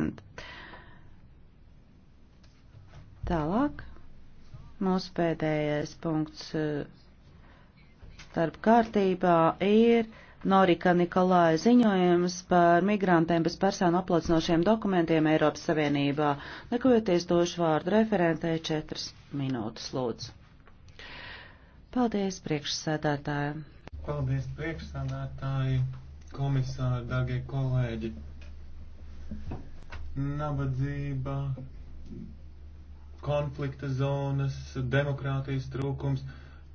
2012. Tālāk mūsu pēdējais punkts eh, starp kārtībā ir Norika Nikolāja ziņojums par migrantiem bez personu aplacinošiem dokumentiem Eiropas Savienībā. Nekojoties došu vārdu referentē četras minūtes lūdzu. Paldies priekšsēdētājiem. Paldies priekšsēdētāji, komisāri, dagie kolēģi nabadzība, konflikta zonas, demokrātijas trūkums,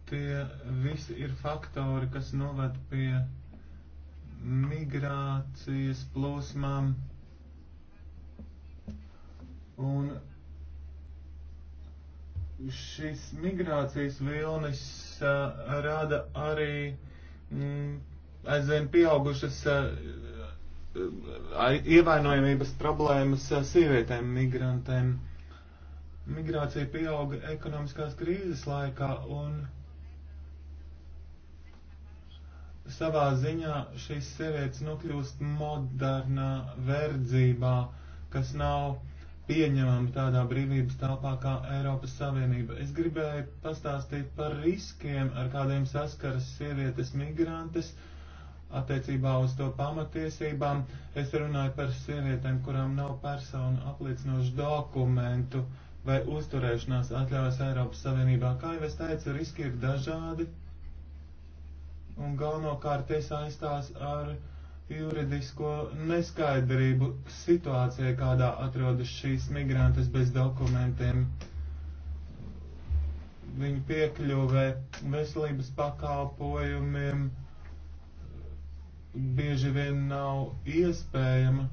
tie visi ir faktori, kas noved pie migrācijas plūsmām. Un šis migrācijas vilnis uh, rada arī mm, aizvien pieaugušas uh, ievainojamības problēmas sievietēm, migrantēm. Migrācija pieauga ekonomiskās krīzes laikā un savā ziņā šīs sievietes nokļūst modernā verdzībā, kas nav pieņemama tādā brīvības telpā kā Eiropas Savienība. Es gribēju pastāstīt par riskiem, ar kādiem saskaras sievietes migrantes. Uh, attiecībā uz to pamatiesībām. Es runāju par sievietēm, kurām nav personu apliecinošu dokumentu vai uzturēšanās atļaujas Eiropas Savienībā. Kā jau es teicu, riski ir dažādi un galvenokārt tie saistās ar juridisko neskaidrību situācijai, kādā atrodas šīs migrantas bez dokumentiem viņu piekļuvē veselības pakalpojumiem, uh, bieži vien nav iespējama.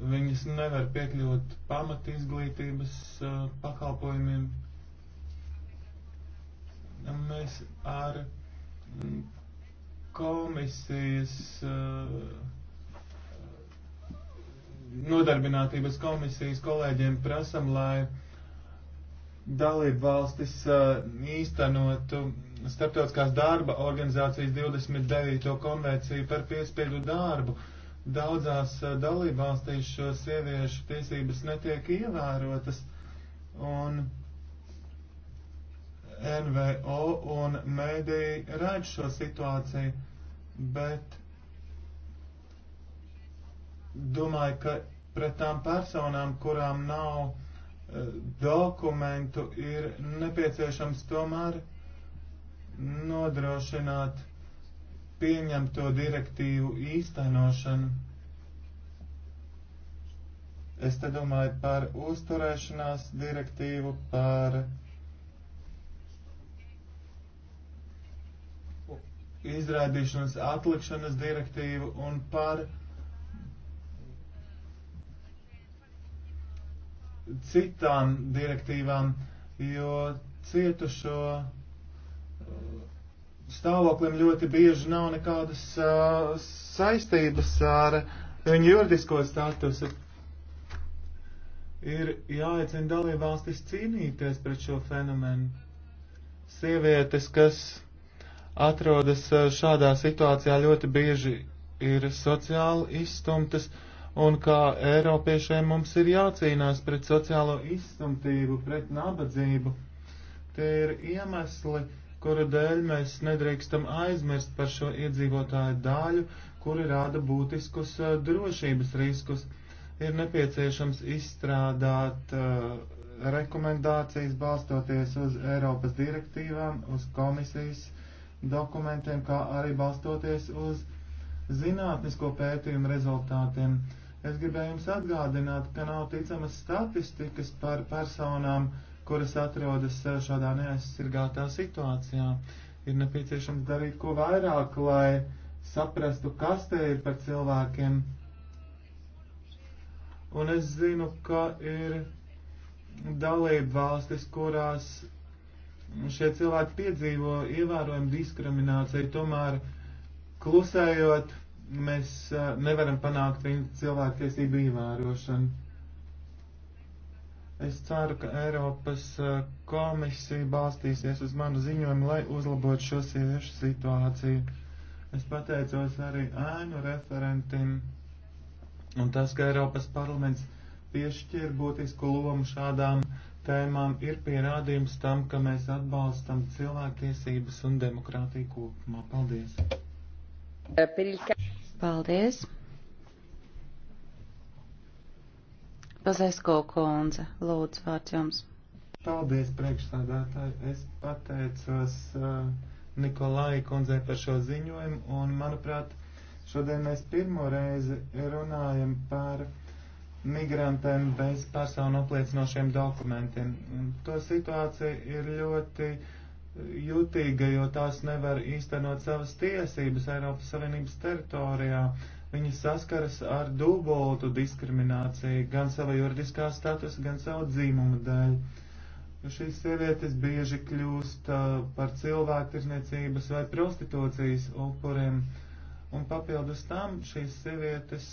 Viņas nevar piekļūt pamat izglītības uh, pakalpojumiem. Mēs ar komisijas uh, nodarbinātības komisijas kolēģiem prasam, lai dalību valstis uh, īstenotu Starptautiskās darba organizācijas 29. konvenciju par piespiedu darbu. Daudzās uh, dalību valstīs šo sieviešu tiesības netiek ievērotas, un NVO un mēdī redz šo situāciju, bet domāju, ka pret tām personām, kurām nav dokumentu ir nepieciešams tomēr nodrošināt pieņemto direktīvu īstenošanu. Es te domāju par uzturēšanās direktīvu, par izrādīšanas atlikšanas direktīvu un par citām direktīvām, jo cietušo uh, stāvoklim ļoti bieži nav nekādas uh, saistības ar viņu juridisko statusu. Ir jāaicina dalībvalstis cīnīties pret šo fenomenu. Sievietes, kas atrodas uh, šādā situācijā, ļoti bieži ir sociāli izstumtas. Uh, un kā Eiropiešiem mums ir jācīnās pret sociālo izstumtību, pret nabadzību. Tie ir iemesli, kuru dēļ mēs nedrīkstam aizmirst par šo iedzīvotāju daļu, kuri rada būtiskus uh, drošības riskus. Ir nepieciešams izstrādāt uh, rekomendācijas balstoties uz Eiropas direktīvām, uz komisijas dokumentiem, kā arī balstoties uz zinātnisko pētījumu rezultātiem. Uh, Es gribēju jums atgādināt, ka nav ticamas statistikas par personām, kuras atrodas eh, šādā neaizsargātā situācijā. Ir nepieciešams darīt ko vairāk, lai saprastu, kas te ir par cilvēkiem. Un es zinu, ka ir dalība valstis, kurās šie cilvēki piedzīvo ievērojumu diskrimināciju, tomēr klusējot mēs nevaram panākt cilvēktiesību ievērošanu. Es ceru, ka Eiropas komisija balstīsies uz manu ziņojumu, lai uzlabotu šo sieviešu situāciju. Es pateicos arī ēnu referentim un tas, ka Eiropas parlaments piešķir būtisku lomu šādām tēmām, ir pierādījums tam, ka mēs atbalstam cilvēktiesības un demokrātiju kopumā. Paldies! Pilka. Paldies. Pazesko kundze, lūdzu, vārds jums. Paldies, priekšstādātāji. Es pateicos uh, Nikolai kundzei par šo ziņojumu, un, manuprāt, šodien mēs pirmo reizi runājam par migrantiem bez personu apliecinošiem dokumentiem. To situācija ir ļoti jutīga, jo tās nevar īstenot savas tiesības Eiropas Savienības teritorijā. Viņas saskaras ar dubultu diskrimināciju gan sava juridiskā statusa, gan savu dzīmumu dēļ. Šīs sievietes bieži kļūst uh, par cilvēktirniecības vai prostitūcijas upuriem, un papildus tam šīs sievietes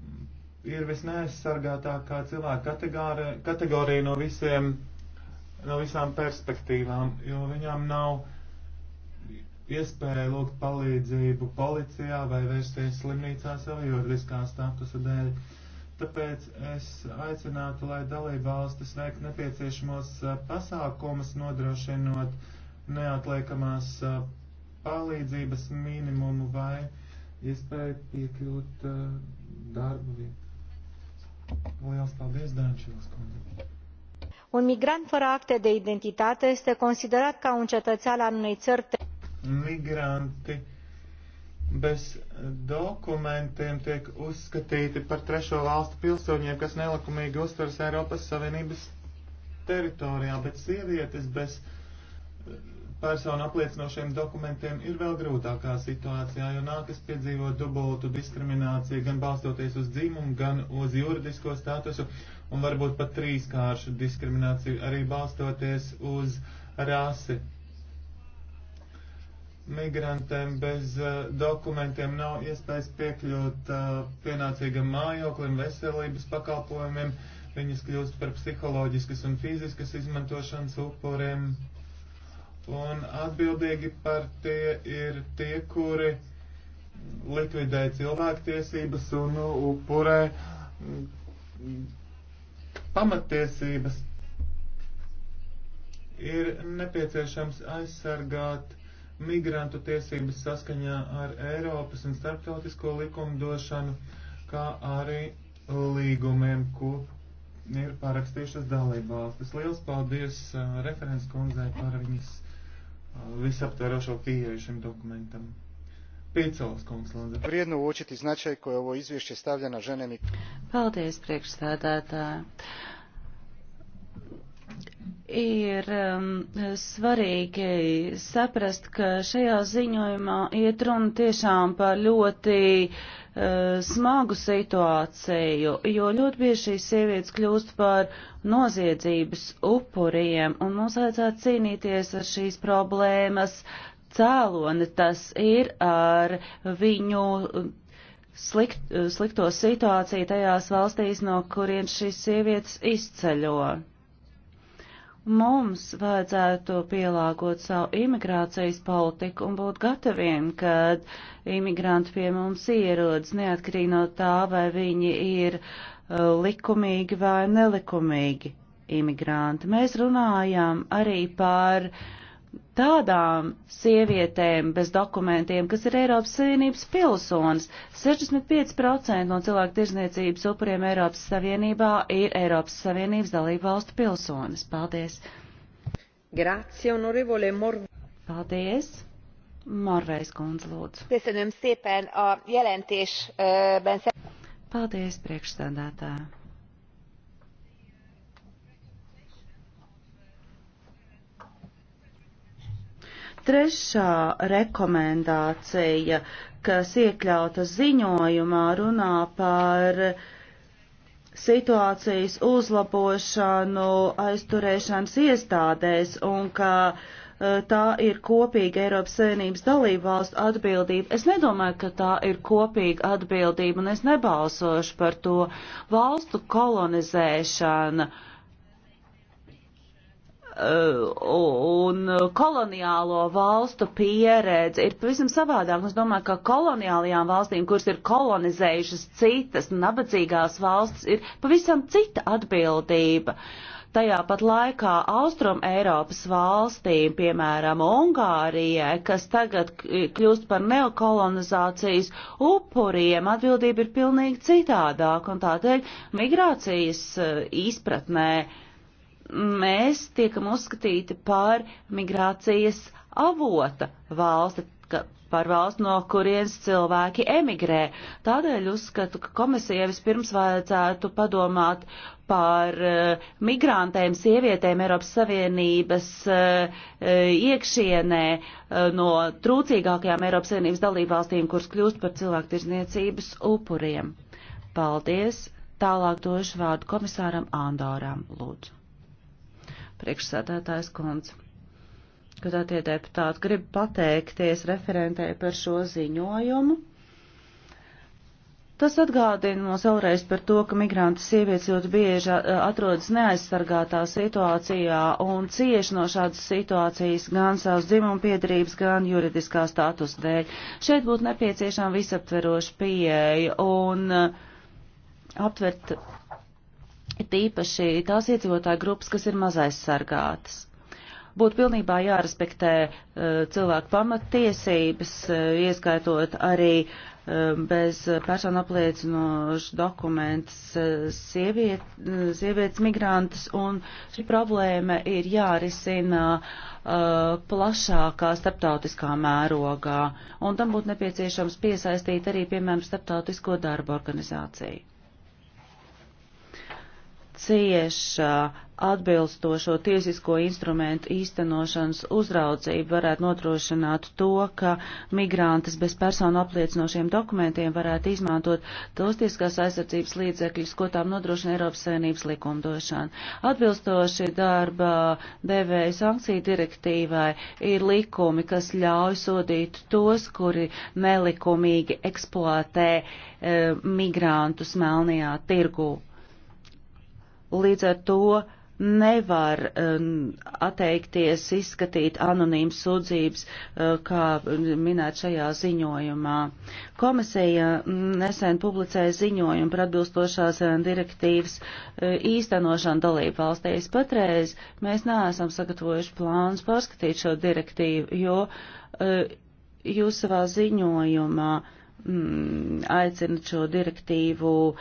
mm, ir visneaizsargātākā cilvēka kategorija no visiem no visām perspektīvām, jo viņām nav iespēja lūgt palīdzību policijā vai vērsties slimnīcā sava juridiskā statusa dēļ. Tāpēc es aicinātu, lai dalībvalstis veikt nepieciešamos pasākumus, nodrošinot neatliekamās palīdzības minimumu vai iespēju piekļūt darbu vietu. Lielas paldies, Dančils kundze! un migrant fără acte de identitate este considerat ca un cetățean al unei țări Migranti bez dokumentiem tiek uzskatīti par trešo valstu pilsoņiem, kas nelikumīgi uztveras Eiropas Savienības teritorijā, bet sievietes bez eh, personu apliecinošiem dokumentiem ir vēl grūtākā situācijā, jo nākas piedzīvot dubultu diskrimināciju gan balstoties uz dzimumu, gan uz juridisko statusu, un varbūt pat trīskāršu diskrimināciju arī balstoties uz rasi. Migrantiem bez uh, dokumentiem nav iespējas piekļūt uh, pienācīgam mājoklim, veselības pakalpojumiem, viņas kļūst par psiholoģiskas un fiziskas izmantošanas upuriem. Un atbildīgi par tie ir tie, kuri likvidē cilvēktiesības un upurē Pamattiesības ir nepieciešams aizsargāt migrantu tiesības saskaņā ar Eiropas un starptautisko likumdošanu, kā arī līgumiem, ko ir parakstījušas dalībvalstis. Liels paldies uh, referents kundzei par viņas uh, visaptverošo pieeju šim dokumentam. Vrijedno uočiti značaj koje ovo izvješće stavlja na žene mi... Paldies, priekšstādātāji. Ir um, svarīgi saprast, ka šajā ziņojumā iet runa tiešām par ļoti uh, smagu situāciju, jo ļoti bieži šīs sievietes kļūst par noziedzības upuriem, un mums vajadzētu cīnīties ar šīs problēmas uh, cēloni tas ir ar viņu slikt, slikto situāciju tajās valstīs, no kurien šīs sievietes izceļo. Mums vajadzētu pielāgot savu imigrācijas politiku un būt gataviem, kad imigranti pie mums ierodas, neatkarīgi no tā, vai viņi ir uh, likumīgi vai nelikumīgi imigranti. Mēs runājām arī par uh, tādām sievietēm bez dokumentiem, kas ir Eiropas Savienības pilsonis. 65% no cilvēku tirzniecības upuriem Eiropas Savienībā ir Eiropas Savienības dalību valstu pilsonis. Paldies! Grazie, onorevole Mor. Paldies! Morrais kundze, lūdzu. Köszönöm szépen a jelentésben. Paldies, priekšstādātāji! Trešā rekomendācija, kas iekļauta ziņojumā, runā par situācijas uzlabošanu aizturēšanas iestādēs un ka e, tā ir kopīga Eiropas Savienības dalību valstu atbildība. Es nedomāju, ka tā ir kopīga atbildība un es nebalsošu par to valstu kolonizēšanu. Uh, Eh, un koloniālo valstu pieredze ir pavisam savādāk. Es domāju, ka koloniālajām valstīm, kuras ir kolonizējušas citas nabadzīgās valstis, ir pavisam cita atbildība. Tajā pat laikā Austrum Eiropas valstīm, piemēram, Ungārijai, kas tagad kļūst par neokolonizācijas upuriem, atbildība ir pilnīgi citādāk, un tādēļ migrācijas eh, izpratnē uh, mēs tiekam uzskatīti par migrācijas avota valsti, par valsti, no kurienes cilvēki emigrē. Tādēļ uzskatu, ka komisija vispirms vajadzētu padomāt par uh, eh, migrantēm, sievietēm Eiropas Savienības uh, iekšienē uh, no trūcīgākajām Eiropas Savienības dalībvalstīm, kuras kļūst par cilvēktirzniecības upuriem. Paldies! Tālāk došu vārdu komisāram Andoram Lūdzu priekšsēdētājs kundze. Godātie deputāti, gribu pateikties referentē par šo ziņojumu. Tas atgādina mums vēlreiz par to, ka migrantu sievietes ļoti bieži atrodas neaizsargātā situācijā un cieši no šādas situācijas gan savas dzimuma piedarības, gan juridiskā status dēļ. Šeit būtu nepieciešama visaptveroša pieeja un aptvert tīpaši tās iedzīvotāju grupas, kas ir mazais sargātas. Būtu pilnībā jārespektē uh, cilvēku pamatiesības, uh, eh, ieskaitot arī uh, bez personu apliecinošu dokumentus uh, sieviet, uh, sievietes migrantus, un šī problēma ir jārisina uh, plašākā starptautiskā mērogā, un tam būtu nepieciešams piesaistīt arī, piemēram, starptautisko darbu organizāciju cieša atbilstošo tiesisko instrumentu īstenošanas uzraudzība varētu notrošināt to, ka migrantas bez personu apliecinošiem dokumentiem varētu izmantot tos tiesiskās aizsardzības līdzekļus, ko tām nodrošina Eiropas Savienības likumdošana. Atbilstoši darba devēja sankciju direktīvai ir likumi, kas ļauj sodīt tos, kuri nelikumīgi eksploatē e, migrantus melnajā tirgū. Līdz ar to nevar um, atteikties izskatīt anonīmas sūdzības, uh, kā minēt šajā ziņojumā. Komisija mm, nesen publicēja ziņojumu par atbilstošās uh, direktīvas uh, īstenošanu dalību valstīs. Patreiz mēs neesam sagatavojuši plānus pārskatīt šo direktīvu, jo uh, jūs savā ziņojumā mm, aicinat šo direktīvu uh,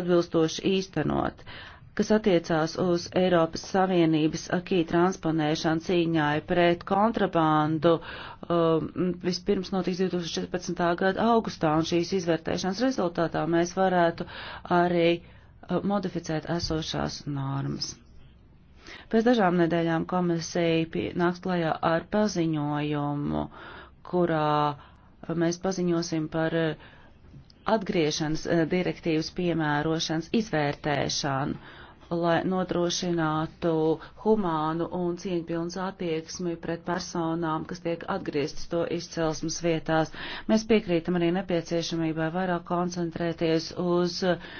atbilstoši īstenot. Uh, kas attiecās uz Eiropas Savienības akī transponēšanu cīņā pret kontrabandu, um, vispirms notiks 2014. gada augustā, un šīs izvērtēšanas rezultātā mēs varētu arī uh, modificēt esošās normas. Pēc dažām nedēļām komisija nāks klajā ar paziņojumu, kurā uh, mēs paziņosim par uh, atgriešanas uh, direktīvas piemērošanas izvērtēšanu lai nodrošinātu humānu un cieņpilnu attieksmi pret personām, kas tiek atgrieztas to izcelsmes vietās. Mēs piekrītam arī nepieciešamībai vairāk koncentrēties uz uh,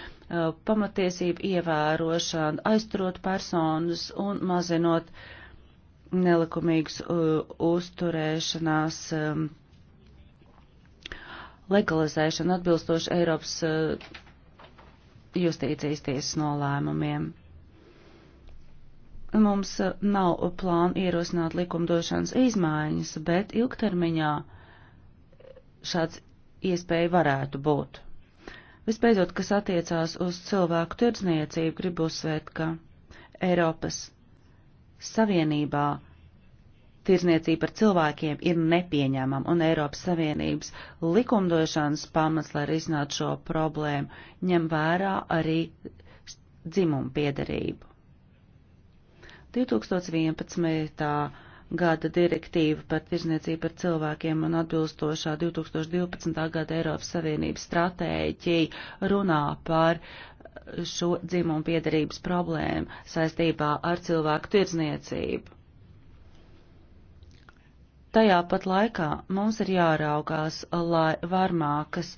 pamatiesību ievērošanu, aizturot personas un mazinot nelikumīgas uh, uzturēšanās um, legalizēšanu atbilstoši Eiropas uh, justīcijas tiesas nolēmumiem mums eh, nav plāna ierosināt likumdošanas izmaiņas, bet ilgtermiņā šāds iespēja varētu būt. Vispēdot, kas attiecās uz cilvēku tirdzniecību, gribu uzsvērt, ka Eiropas Savienībā tirzniecība ar cilvēkiem ir nepieņemama, un Eiropas Savienības likumdošanas pamats, lai risinātu šo problēmu, ņem vērā arī dzimumu piedarību. 2011. gada direktīva par tirzniecību ar cilvēkiem un atbilstošā 2012. gada Eiropas Savienības stratēģija runā par šo dzimumu piedarības problēmu saistībā ar cilvēku tirzniecību. Tajā pat laikā mums ir jāraugās, lai varmākas,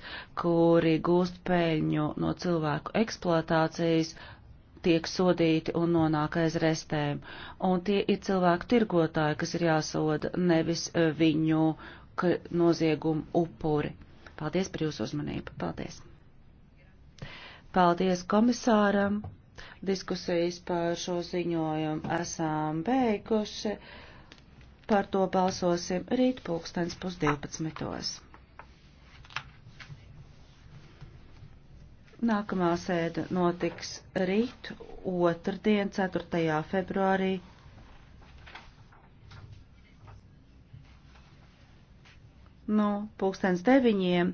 kuri gūst peļņu no cilvēku eksploatācijas, tiek sodīti un nonāk aiz restēm. Un tie ir cilvēku tirgotāji, kas ir jāsoda, nevis eh, viņu noziegumu upuri. Paldies par jūsu uzmanību. Paldies. Paldies komisāram. Diskusijas par šo ziņojumu esam beiguši. Par to balsosim rīt pulkstens pusdivpadsmitos. Nākamā sēde notiks rīt, otrdien, 4. februārī. No nu, pulkstens deviņiem